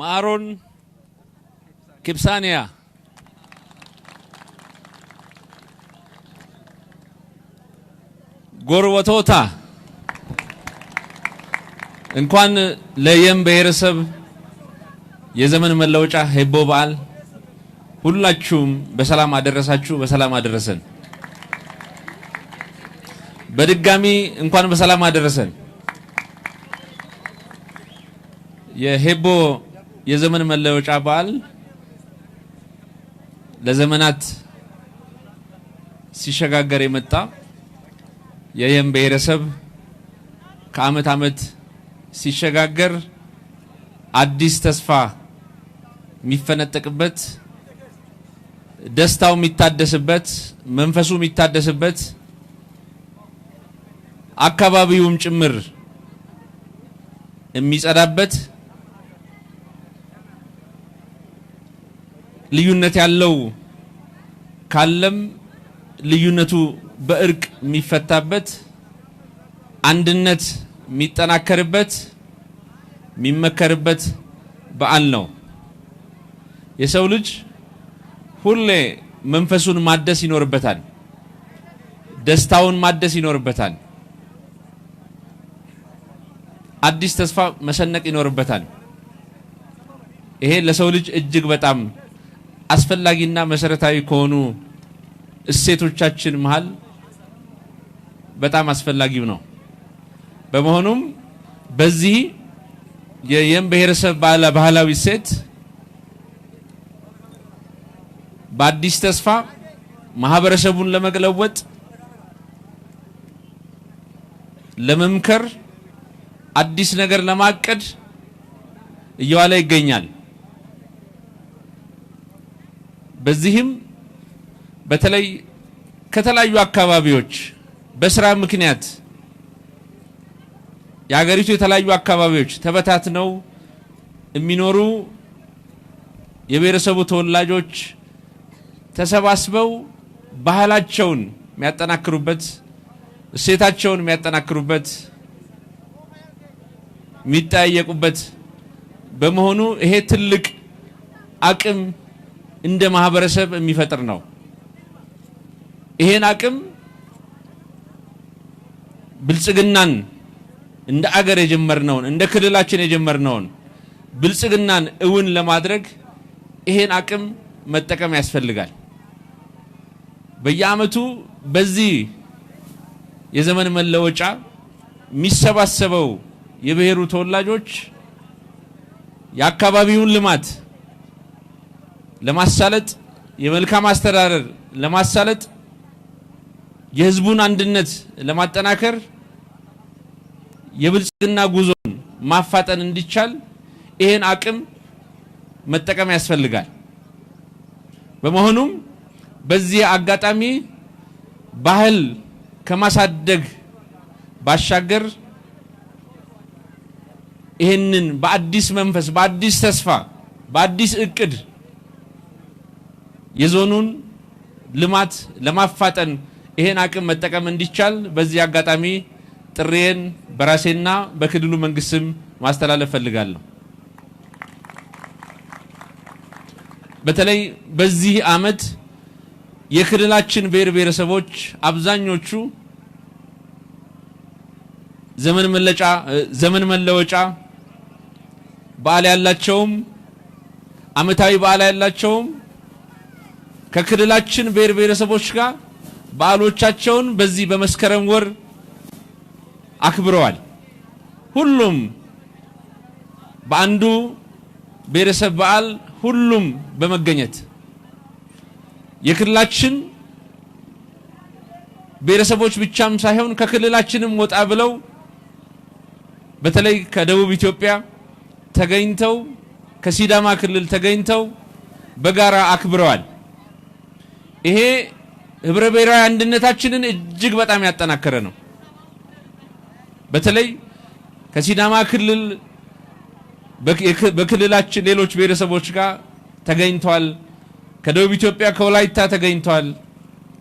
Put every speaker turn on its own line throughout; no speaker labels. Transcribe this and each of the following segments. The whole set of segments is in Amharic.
ማሮን ኪፕሳንያ ጎርወቶታ እንኳን ለየም ብሔረሰብ የዘመን መለወጫ ሄቦ በዓል ሁላችሁም በሰላም አደረሳችሁ፣ በሰላም አደረሰን። በድጋሚ እንኳን በሰላም አደረሰን። የሄቦ የዘመን መለወጫ በዓል ለዘመናት ሲሸጋገር የመጣ የየም ብሔረሰብ ከአመት አመት ሲሸጋገር አዲስ ተስፋ የሚፈነጠቅበት ደስታው የሚታደስበት መንፈሱ የሚታደስበት አካባቢውም ጭምር የሚጸዳበት ልዩነት ያለው ካለም ልዩነቱ በእርቅ የሚፈታበት አንድነት የሚጠናከርበት የሚመከርበት በዓል ነው። የሰው ልጅ ሁሌ መንፈሱን ማደስ ይኖርበታል። ደስታውን ማደስ ይኖርበታል። አዲስ ተስፋ መሰነቅ ይኖርበታል። ይሄ ለሰው ልጅ እጅግ በጣም አስፈላጊና መሰረታዊ ከሆኑ እሴቶቻችን መሃል በጣም አስፈላጊው ነው። በመሆኑም በዚህ የየም ብሔረሰብ ባህላዊ እሴት በአዲስ ተስፋ ማህበረሰቡን ለመለወጥ ለመምከር አዲስ ነገር ለማቀድ እየዋለ ይገኛል። በዚህም በተለይ ከተለያዩ አካባቢዎች በስራ ምክንያት የሀገሪቱ የተለያዩ አካባቢዎች ተበታትነው የሚኖሩ የብሔረሰቡ ተወላጆች ተሰባስበው ባህላቸውን የሚያጠናክሩበት እሴታቸውን የሚያጠናክሩበት የሚጠያየቁበት በመሆኑ ይሄ ትልቅ አቅም እንደ ማህበረሰብ የሚፈጥር ነው። ይሄን አቅም ብልጽግናን እንደ አገር የጀመርነውን እንደ ክልላችን የጀመርነውን ብልጽግናን እውን ለማድረግ ይሄን አቅም መጠቀም ያስፈልጋል። በየአመቱ በዚህ የዘመን መለወጫ የሚሰባሰበው የብሔሩ ተወላጆች የአካባቢውን ልማት ለማሳለጥ የመልካም አስተዳደር ለማሳለጥ የህዝቡን አንድነት ለማጠናከር የብልጽግና ጉዞን ማፋጠን እንዲቻል ይህን አቅም መጠቀም ያስፈልጋል። በመሆኑም በዚህ አጋጣሚ ባህል ከማሳደግ ባሻገር ይህንን በአዲስ መንፈስ፣ በአዲስ ተስፋ፣ በአዲስ እቅድ የዞኑን ልማት ለማፋጠን ይሄን አቅም መጠቀም እንዲቻል በዚህ አጋጣሚ ጥሬን በራሴና በክልሉ መንግስት ማስተላለፍ ፈልጋለሁ። በተለይ በዚህ አመት የክልላችን ብሔር ብሔረሰቦች አብዛኞቹ ዘመን መለጫ ዘመን መለወጫ በዓል ያላቸውም አመታዊ በዓል ያላቸውም ከክልላችን ብሔር ብሔረሰቦች ጋር በዓሎቻቸውን በዚህ በመስከረም ወር አክብረዋል። ሁሉም በአንዱ ብሔረሰብ በዓል ሁሉም በመገኘት የክልላችን ብሔረሰቦች ብቻም ሳይሆን ከክልላችንም ወጣ ብለው በተለይ ከደቡብ ኢትዮጵያ ተገኝተው ከሲዳማ ክልል ተገኝተው በጋራ አክብረዋል። ይሄ ህብረ ብሔራዊ አንድነታችንን እጅግ በጣም ያጠናከረ ነው። በተለይ ከሲዳማ ክልል በክልላችን ሌሎች ብሔረሰቦች ጋር ተገኝተዋል። ከደቡብ ኢትዮጵያ ከወላይታ ተገኝተዋል።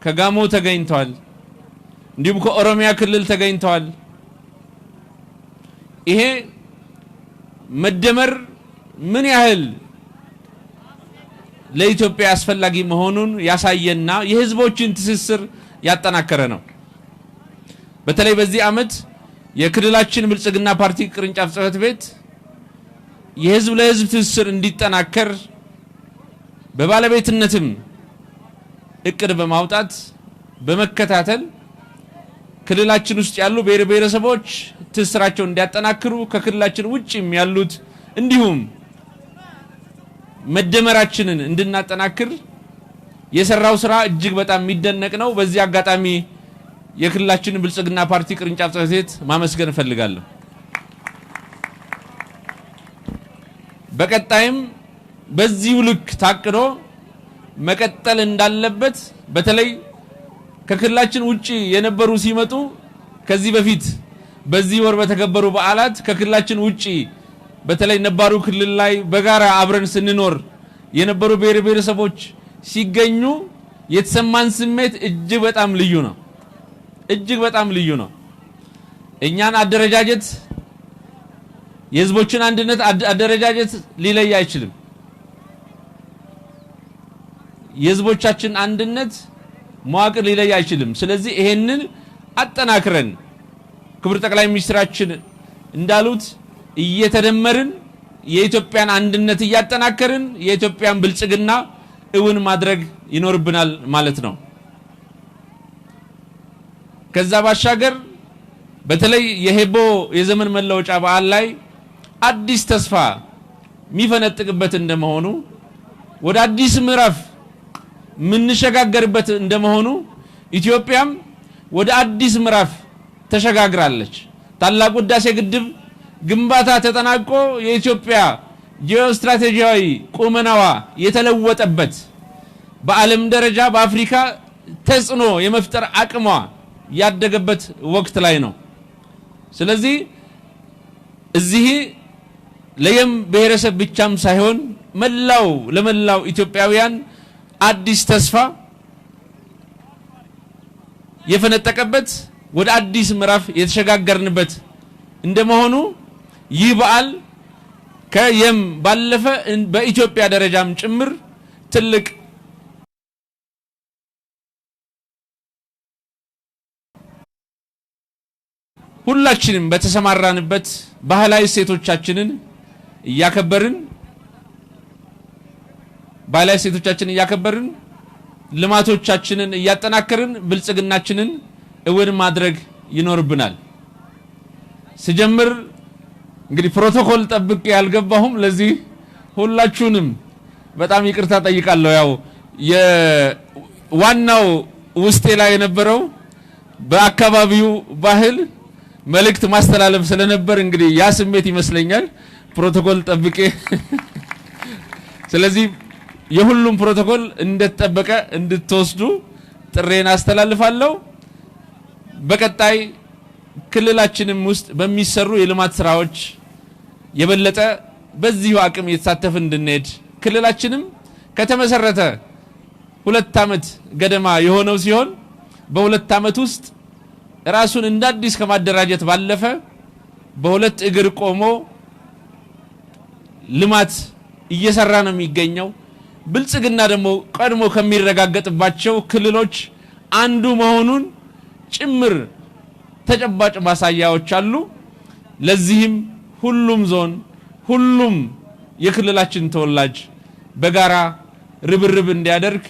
ከጋሞ ተገኝተዋል። እንዲሁም ከኦሮሚያ ክልል ተገኝተዋል። ይሄ መደመር ምን ያህል ለኢትዮጵያ አስፈላጊ መሆኑን ያሳየና የህዝቦችን ትስስር ያጠናከረ ነው። በተለይ በዚህ ዓመት የክልላችን ብልጽግና ፓርቲ ቅርንጫፍ ጽህፈት ቤት የህዝብ ለህዝብ ትስስር እንዲጠናከር በባለቤትነትም እቅድ በማውጣት በመከታተል ክልላችን ውስጥ ያሉ ብሔር ብሔረሰቦች ትስራቸውን እንዲያጠናክሩ ከክልላችን ውጭም ያሉት እንዲሁም መደመራችንን እንድናጠናክር የሰራው ስራ እጅግ በጣም የሚደነቅ ነው። በዚህ አጋጣሚ የክልላችንን ብልጽግና ፓርቲ ቅርንጫፍ ጽሕፈት ቤት ማመስገን እፈልጋለሁ። በቀጣይም በዚሁ ልክ ታቅዶ መቀጠል እንዳለበት በተለይ ከክልላችን ውጪ የነበሩ ሲመጡ ከዚህ በፊት በዚህ ወር በተከበሩ በዓላት ከክልላችን ውጪ በተለይ ነባሩ ክልል ላይ በጋራ አብረን ስንኖር የነበሩ ብሔር ብሔረሰቦች ሲገኙ የተሰማን ስሜት እጅግ በጣም ልዩ ነው። እጅግ በጣም ልዩ ነው። እኛን አደረጃጀት የህዝቦችን አንድነት አደረጃጀት ሊለይ አይችልም። የህዝቦቻችን አንድነት መዋቅር ሊለይ አይችልም። ስለዚህ ይሄንን አጠናክረን ክብር ጠቅላይ ሚኒስትራችን እንዳሉት እየተደመርን የኢትዮጵያን አንድነት እያጠናከርን የኢትዮጵያን ብልጽግና እውን ማድረግ ይኖርብናል ማለት ነው። ከዛ ባሻገር በተለይ የሄቦ የዘመን መለወጫ በዓል ላይ አዲስ ተስፋ የሚፈነጥቅበት እንደመሆኑ ወደ አዲስ ምዕራፍ የምንሸጋገርበት እንደመሆኑ ኢትዮጵያም ወደ አዲስ ምዕራፍ ተሸጋግራለች። ታላቁ ህዳሴ ግድብ ግንባታ ተጠናቆ የኢትዮጵያ ጂኦስትራቴጂያዊ ቁመናዋ የተለወጠበት በዓለም ደረጃ በአፍሪካ ተጽዕኖ የመፍጠር አቅሟ ያደገበት ወቅት ላይ ነው። ስለዚህ እዚህ ለየም ብሔረሰብ ብቻም ሳይሆን መላው ለመላው ኢትዮጵያውያን አዲስ ተስፋ የፈነጠቀበት ወደ አዲስ ምዕራፍ የተሸጋገርንበት እንደመሆኑ ይህ በዓል ከየም ባለፈ በኢትዮጵያ ደረጃም ጭምር ትልቅ ሁላችንም በተሰማራንበት ባህላዊ እሴቶቻችንን እያከበርን ባህላዊ ሴቶቻችን እያከበርን ልማቶቻችንን እያጠናከርን ብልጽግናችንን እውን ማድረግ ይኖርብናል። ስጀምር እንግዲህ ፕሮቶኮል ጠብቄ ያልገባሁም ለዚህ ሁላችሁንም በጣም ይቅርታ ጠይቃለሁ። ያው ዋናው ውስጤ ላይ የነበረው በአካባቢው ባህል መልእክት ማስተላለፍ ስለነበር እንግዲህ ያ ስሜት ይመስለኛል ፕሮቶኮል ጠብቄ ስለዚህ የሁሉም ፕሮቶኮል እንደተጠበቀ እንድትወስዱ ጥሬን አስተላልፋለሁ። በቀጣይ ክልላችንም ውስጥ በሚሰሩ የልማት ስራዎች የበለጠ በዚሁ አቅም የተሳተፈ እንድንሄድ ክልላችንም ከተመሰረተ ሁለት ዓመት ገደማ የሆነው ሲሆን በሁለት ዓመት ውስጥ ራሱን እንደ አዲስ ከማደራጀት ባለፈ በሁለት እግር ቆሞ ልማት እየሰራ ነው የሚገኘው። ብልጽግና ደግሞ ቀድሞ ከሚረጋገጥባቸው ክልሎች አንዱ መሆኑን ጭምር ተጨባጭ ማሳያዎች አሉ። ለዚህም ሁሉም ዞን፣ ሁሉም የክልላችን ተወላጅ በጋራ ርብርብ እንዲያደርግ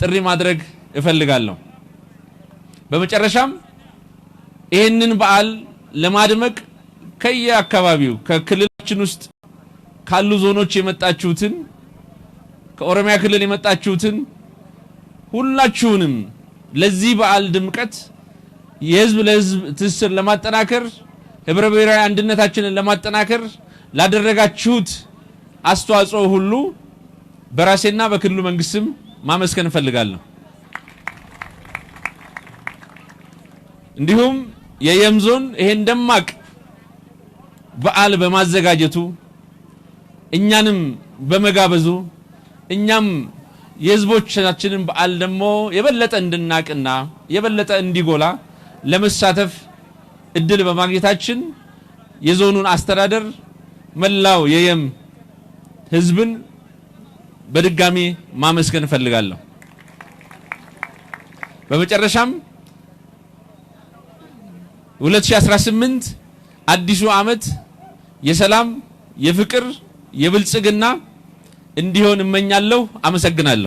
ጥሪ ማድረግ እፈልጋለሁ። በመጨረሻም ይህንን በዓል ለማድመቅ ከየአካባቢው ከክልላችን ውስጥ ካሉ ዞኖች የመጣችሁትን ከኦሮሚያ ክልል የመጣችሁትን ሁላችሁንም ለዚህ በዓል ድምቀት የህዝብ ለህዝብ ትስስር ለማጠናከር ህብረ ብሔራዊ አንድነታችንን ለማጠናከር ላደረጋችሁት አስተዋጽኦ ሁሉ በራሴና በክልሉ መንግስት ማመስገን እንፈልጋለሁ። እንዲሁም የየም ዞን ይሄን ደማቅ በዓል በማዘጋጀቱ እኛንም በመጋበዙ እኛም የህዝቦቻችንን በዓል ደግሞ የበለጠ እንድናቅና የበለጠ እንዲጎላ ለመሳተፍ እድል በማግኘታችን የዞኑን አስተዳደር መላው የየም ህዝብን በድጋሚ ማመስገን እፈልጋለሁ። በመጨረሻም 2018 አዲሱ ዓመት የሰላም፣ የፍቅር፣ የብልጽግና እንዲሆን እመኛለሁ። አመሰግናለሁ።